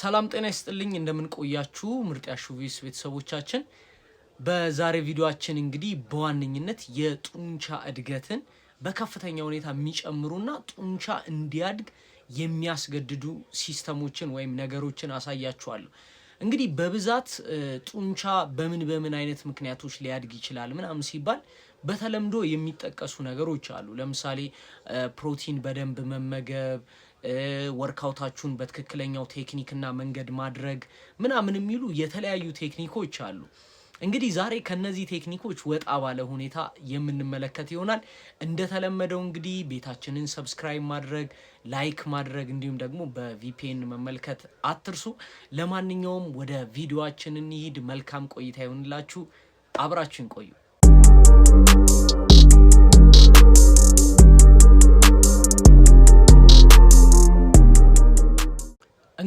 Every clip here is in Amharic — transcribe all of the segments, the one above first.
ሰላም ጤና ይስጥልኝ። ቆያችሁ? ምርጥ ያሹቪስ ቤተሰቦቻችን፣ በዛሬ ቪዲዮችን እንግዲህ በዋነኝነት የጡንቻ እድገትን በከፍተኛ ሁኔታ የሚጨምሩና ጡንቻ እንዲያድግ የሚያስገድዱ ሲስተሞችን ወይም ነገሮችን አሳያችኋለሁ። እንግዲህ በብዛት ጡንቻ በምን በምን አይነት ምክንያቶች ሊያድግ ይችላል ምናምን ሲባል በተለምዶ የሚጠቀሱ ነገሮች አሉ። ለምሳሌ ፕሮቲን በደንብ መመገብ ወርካውታችሁን በትክክለኛው ቴክኒክና መንገድ ማድረግ ምናምን የሚሉ የተለያዩ ቴክኒኮች አሉ። እንግዲህ ዛሬ ከነዚህ ቴክኒኮች ወጣ ባለ ሁኔታ የምንመለከት ይሆናል። እንደተለመደው እንግዲህ ቤታችንን ሰብስክራይብ ማድረግ፣ ላይክ ማድረግ እንዲሁም ደግሞ በቪፒኤን መመልከት አትርሱ። ለማንኛውም ወደ ቪዲዮችን እንሂድ። መልካም ቆይታ ይሆንላችሁ። አብራችን ቆዩ።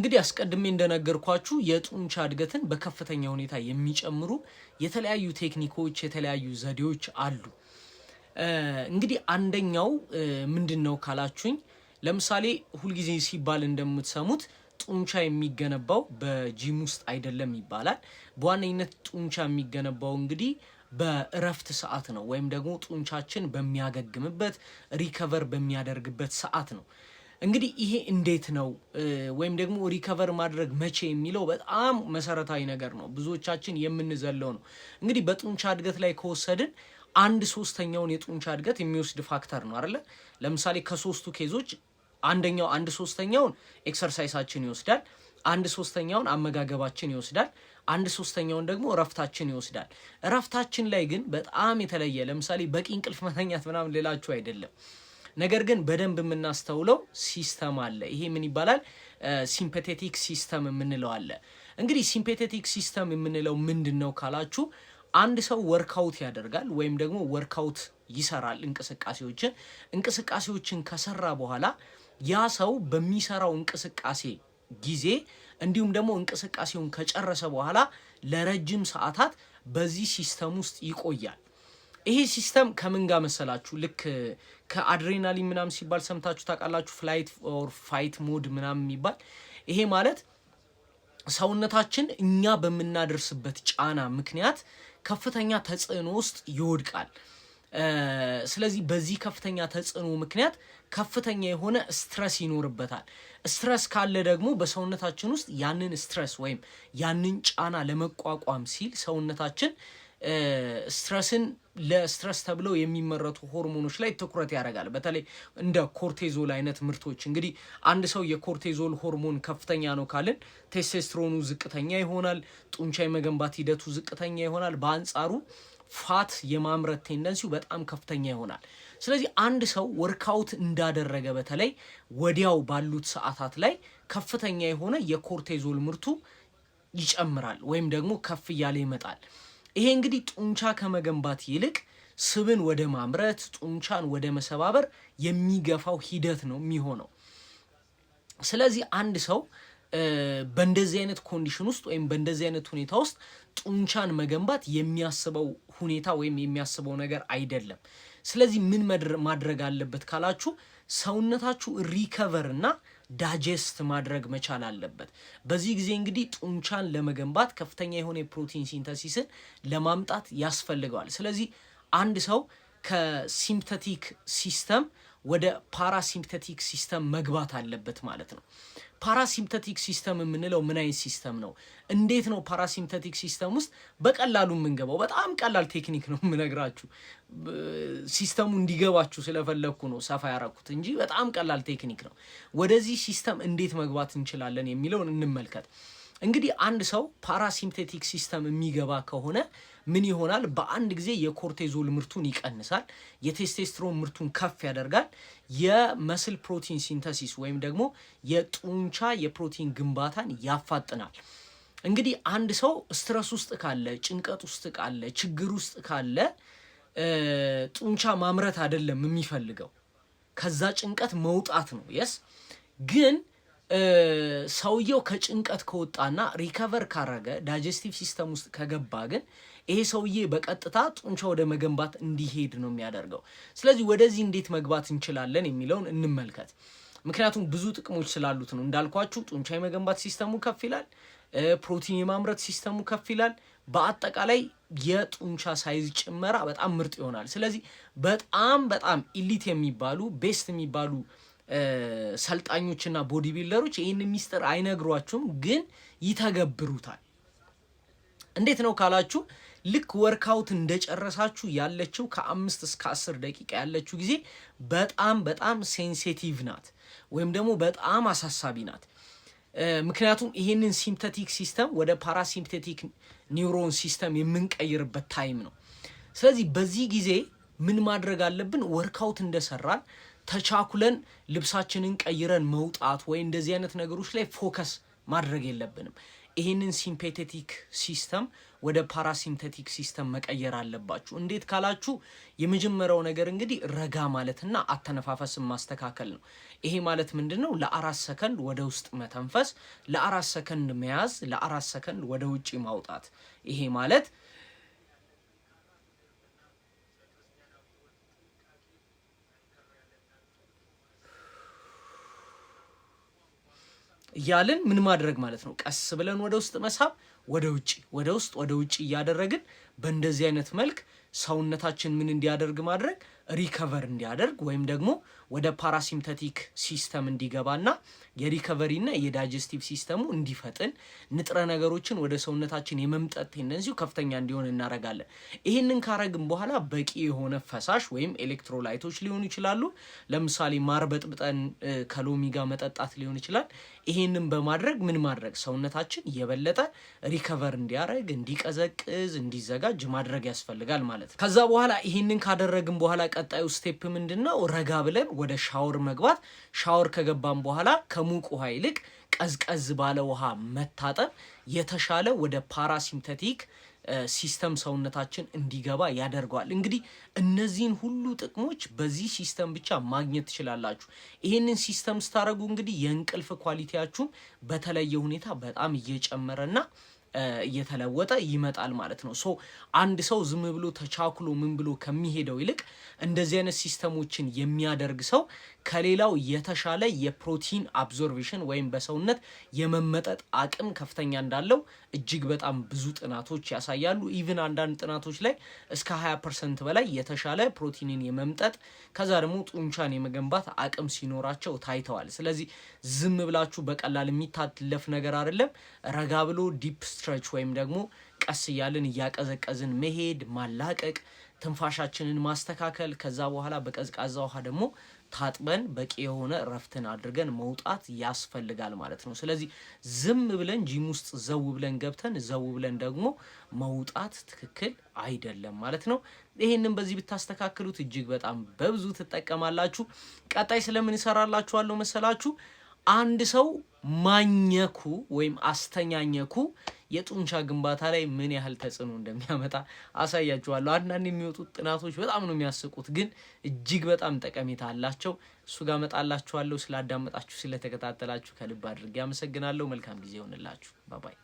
እንግዲህ አስቀድሜ እንደነገርኳችሁ የጡንቻ እድገትን በከፍተኛ ሁኔታ የሚጨምሩ የተለያዩ ቴክኒኮች፣ የተለያዩ ዘዴዎች አሉ። እንግዲህ አንደኛው ምንድን ነው ካላችሁኝ፣ ለምሳሌ ሁልጊዜ ሲባል እንደምትሰሙት ጡንቻ የሚገነባው በጂም ውስጥ አይደለም ይባላል። በዋነኝነት ጡንቻ የሚገነባው እንግዲህ በእረፍት ሰዓት ነው፣ ወይም ደግሞ ጡንቻችን በሚያገግምበት ሪከቨር በሚያደርግበት ሰዓት ነው። እንግዲህ ይሄ እንዴት ነው ወይም ደግሞ ሪከቨር ማድረግ መቼ የሚለው በጣም መሰረታዊ ነገር ነው። ብዙዎቻችን የምንዘለው ነው። እንግዲህ በጡንቻ እድገት ላይ ከወሰድን አንድ ሶስተኛውን የጡንቻ እድገት የሚወስድ ፋክተር ነው አይደለ? ለምሳሌ ከሶስቱ ኬዞች አንደኛው አንድ ሶስተኛውን ኤክሰርሳይሳችን ይወስዳል። አንድ ሶስተኛውን አመጋገባችን ይወስዳል። አንድ ሶስተኛውን ደግሞ እረፍታችን ይወስዳል። እረፍታችን ላይ ግን በጣም የተለየ ለምሳሌ በቂ እንቅልፍ መተኛት ምናምን ሌላችሁ አይደለም ነገር ግን በደንብ የምናስተውለው ሲስተም አለ። ይሄ ምን ይባላል? ሲምፐቴቲክ ሲስተም የምንለው አለ። እንግዲህ ሲምፐቴቲክ ሲስተም የምንለው ምንድን ነው ካላችሁ አንድ ሰው ወርካውት ያደርጋል ወይም ደግሞ ወርካውት ይሰራል እንቅስቃሴዎችን እንቅስቃሴዎችን ከሰራ በኋላ ያ ሰው በሚሰራው እንቅስቃሴ ጊዜ እንዲሁም ደግሞ እንቅስቃሴውን ከጨረሰ በኋላ ለረጅም ሰዓታት በዚህ ሲስተም ውስጥ ይቆያል። ይሄ ሲስተም ከምን ጋር መሰላችሁ? ልክ ከአድሬናሊን ምናምን ሲባል ሰምታችሁ ታውቃላችሁ። ፍላይት ኦር ፋይት ሞድ ምናምን የሚባል ይሄ ማለት ሰውነታችን እኛ በምናደርስበት ጫና ምክንያት ከፍተኛ ተጽዕኖ ውስጥ ይወድቃል። ስለዚህ በዚህ ከፍተኛ ተጽዕኖ ምክንያት ከፍተኛ የሆነ ስትረስ ይኖርበታል። ስትረስ ካለ ደግሞ በሰውነታችን ውስጥ ያንን ስትረስ ወይም ያንን ጫና ለመቋቋም ሲል ሰውነታችን ስትረስን ለስትረስ ተብለው የሚመረቱ ሆርሞኖች ላይ ትኩረት ያደርጋል። በተለይ እንደ ኮርቴዞል አይነት ምርቶች እንግዲህ አንድ ሰው የኮርቴዞል ሆርሞን ከፍተኛ ነው ካልን ቴስቴስትሮኑ ዝቅተኛ ይሆናል፣ ጡንቻ የመገንባት ሂደቱ ዝቅተኛ ይሆናል። በአንጻሩ ፋት የማምረት ቴንደንሲው በጣም ከፍተኛ ይሆናል። ስለዚህ አንድ ሰው ወርካውት እንዳደረገ በተለይ ወዲያው ባሉት ሰዓታት ላይ ከፍተኛ የሆነ የኮርቴዞል ምርቱ ይጨምራል ወይም ደግሞ ከፍ እያለ ይመጣል። ይሄ እንግዲህ ጡንቻ ከመገንባት ይልቅ ስብን ወደ ማምረት ጡንቻን ወደ መሰባበር የሚገፋው ሂደት ነው የሚሆነው። ስለዚህ አንድ ሰው በእንደዚህ አይነት ኮንዲሽን ውስጥ ወይም በእንደዚህ አይነት ሁኔታ ውስጥ ጡንቻን መገንባት የሚያስበው ሁኔታ ወይም የሚያስበው ነገር አይደለም። ስለዚህ ምን ማድረግ አለበት ካላችሁ ሰውነታችሁ ሪከቨር እና ዳጀስት ማድረግ መቻል አለበት። በዚህ ጊዜ እንግዲህ ጡንቻን ለመገንባት ከፍተኛ የሆነ የፕሮቲን ሲንተሲስን ለማምጣት ያስፈልገዋል። ስለዚህ አንድ ሰው ከሲምፕተቲክ ሲስተም ወደ ፓራሲምፕተቲክ ሲስተም መግባት አለበት ማለት ነው። ፓራሲምፐቲክ ሲስተም የምንለው ምን አይነት ሲስተም ነው? እንዴት ነው ፓራሲምፐቲክ ሲስተም ውስጥ በቀላሉ የምንገባው? በጣም ቀላል ቴክኒክ ነው የምነግራችሁ። ሲስተሙ እንዲገባችሁ ስለፈለግኩ ነው ሰፋ ያረኩት እንጂ በጣም ቀላል ቴክኒክ ነው። ወደዚህ ሲስተም እንዴት መግባት እንችላለን የሚለውን እንመልከት። እንግዲህ አንድ ሰው ፓራሲምፔቲክ ሲስተም የሚገባ ከሆነ ምን ይሆናል? በአንድ ጊዜ የኮርቴዞል ምርቱን ይቀንሳል፣ የቴስቴስትሮን ምርቱን ከፍ ያደርጋል። የመስል ፕሮቲን ሲንተሲስ ወይም ደግሞ የጡንቻ የፕሮቲን ግንባታን ያፋጥናል። እንግዲህ አንድ ሰው ስትረስ ውስጥ ካለ፣ ጭንቀት ውስጥ ካለ፣ ችግር ውስጥ ካለ ጡንቻ ማምረት አይደለም የሚፈልገው ከዛ ጭንቀት መውጣት ነው። የስ ግን ሰውየው ከጭንቀት ከወጣና ሪከቨር ካረገ ዳይጀስቲቭ ሲስተም ውስጥ ከገባ ግን ይሄ ሰውዬ በቀጥታ ጡንቻ ወደ መገንባት እንዲሄድ ነው የሚያደርገው። ስለዚህ ወደዚህ እንዴት መግባት እንችላለን የሚለውን እንመልከት። ምክንያቱም ብዙ ጥቅሞች ስላሉት ነው። እንዳልኳችሁ ጡንቻ የመገንባት ሲስተሙ ከፍ ይላል፣ ፕሮቲን የማምረት ሲስተሙ ከፍ ይላል። በአጠቃላይ የጡንቻ ሳይዝ ጭመራ በጣም ምርጥ ይሆናል። ስለዚህ በጣም በጣም ኢሊት የሚባሉ ቤስት የሚባሉ ሰልጣኞችና ቦዲ ቢልደሮች ይህን ሚስጥር አይነግሯችሁም፣ ግን ይተገብሩታል። እንዴት ነው ካላችሁ ልክ ወርካውት እንደጨረሳችሁ ያለችው ከአምስት እስከ አስር ደቂቃ ያለችው ጊዜ በጣም በጣም ሴንሲቲቭ ናት፣ ወይም ደግሞ በጣም አሳሳቢ ናት። ምክንያቱም ይሄንን ሲምፕተቲክ ሲስተም ወደ ፓራሲምፕተቲክ ኒውሮን ሲስተም የምንቀይርበት ታይም ነው። ስለዚህ በዚህ ጊዜ ምን ማድረግ አለብን? ወርካውት እንደሰራን ተቻኩለን ልብሳችንን ቀይረን መውጣት ወይ እንደዚህ አይነት ነገሮች ላይ ፎከስ ማድረግ የለብንም። ይህንን ሲምፔቴቲክ ሲስተም ወደ ፓራሲምፔቲክ ሲስተም መቀየር አለባችሁ። እንዴት ካላችሁ የመጀመሪያው ነገር እንግዲህ ረጋ ማለትና አተነፋፈስን ማስተካከል ነው። ይሄ ማለት ምንድን ነው? ለአራት ሰከንድ ወደ ውስጥ መተንፈስ፣ ለአራት ሰከንድ መያዝ፣ ለአራት ሰከንድ ወደ ውጭ ማውጣት። ይሄ ማለት እያልን ምን ማድረግ ማለት ነው? ቀስ ብለን ወደ ውስጥ መሳብ፣ ወደ ውጭ፣ ወደ ውስጥ፣ ወደ ውጭ እያደረግን በእንደዚህ አይነት መልክ ሰውነታችን ምን እንዲያደርግ ማድረግ ሪከቨር እንዲያደርግ ወይም ደግሞ ወደ ፓራሲምተቲክ ሲስተም እንዲገባና የሪከቨሪና የዳይጀስቲቭ ሲስተሙ እንዲፈጥን ንጥረ ነገሮችን ወደ ሰውነታችን የመምጠት ቴንደንሲው ከፍተኛ እንዲሆን እናደርጋለን። ይህንን ካረግን በኋላ በቂ የሆነ ፈሳሽ ወይም ኤሌክትሮላይቶች ሊሆኑ ይችላሉ። ለምሳሌ ማርበጥብጠን ከሎሚ ጋር መጠጣት ሊሆን ይችላል። ይህንን በማድረግ ምን ማድረግ ሰውነታችን የበለጠ ሪከቨር እንዲያደርግ፣ እንዲቀዘቅዝ፣ እንዲዘጋጅ ማድረግ ያስፈልጋል ማለት ነው። ከዛ በኋላ ይህንን ካደረግን በኋላ ቀጣዩ ስቴፕ ምንድን ነው? ረጋ ብለን ወደ ሻወር መግባት። ሻወር ከገባን በኋላ ከሙቅ ውሃ ይልቅ ቀዝቀዝ ባለ ውሃ መታጠብ የተሻለ ወደ ፓራሲምፐቲክ ሲስተም ሰውነታችን እንዲገባ ያደርገዋል። እንግዲህ እነዚህን ሁሉ ጥቅሞች በዚህ ሲስተም ብቻ ማግኘት ትችላላችሁ። ይህንን ሲስተም ስታደርጉ እንግዲህ የእንቅልፍ ኳሊቲያችሁም በተለየ ሁኔታ በጣም እየጨመረና እየተለወጠ ይመጣል ማለት ነው። ሶ አንድ ሰው ዝም ብሎ ተቻክሎ ምን ብሎ ከሚሄደው ይልቅ እንደዚህ አይነት ሲስተሞችን የሚያደርግ ሰው ከሌላው የተሻለ የፕሮቲን አብዞርቬሽን ወይም በሰውነት የመመጠጥ አቅም ከፍተኛ እንዳለው እጅግ በጣም ብዙ ጥናቶች ያሳያሉ። ኢቭን አንዳንድ ጥናቶች ላይ እስከ 20 ፐርሰንት በላይ የተሻለ ፕሮቲንን የመምጠጥ ከዛ ደግሞ ጡንቻን የመገንባት አቅም ሲኖራቸው ታይተዋል። ስለዚህ ዝም ብላችሁ በቀላል የሚታለፍ ነገር አይደለም። ረጋ ብሎ ዲፕ ስትረች ወይም ደግሞ ቀስ እያልን እያቀዘቀዝን መሄድ፣ ማላቀቅ፣ ትንፋሻችንን ማስተካከል ከዛ በኋላ በቀዝቃዛ ውሃ ደግሞ ታጥበን በቂ የሆነ እረፍትን አድርገን መውጣት ያስፈልጋል ማለት ነው። ስለዚህ ዝም ብለን ጂም ውስጥ ዘው ብለን ገብተን ዘው ብለን ደግሞ መውጣት ትክክል አይደለም ማለት ነው። ይሄንን በዚህ ብታስተካክሉት እጅግ በጣም በብዙ ትጠቀማላችሁ። ቀጣይ ስለምን ይሰራላችኋለሁ መሰላችሁ? አንድ ሰው ማኘኩ ወይም አስተኛኘኩ የጡንቻ ግንባታ ላይ ምን ያህል ተጽዕኖ እንደሚያመጣ አሳያችኋለሁ። አንዳንድ የሚወጡት ጥናቶች በጣም ነው የሚያስቁት፣ ግን እጅግ በጣም ጠቀሜታ አላቸው። እሱ ጋር መጣላችኋለሁ። ስላዳመጣችሁ፣ ስለተከታተላችሁ ከልብ አድርጌ አመሰግናለሁ። መልካም ጊዜ ይሆንላችሁ። ባባይ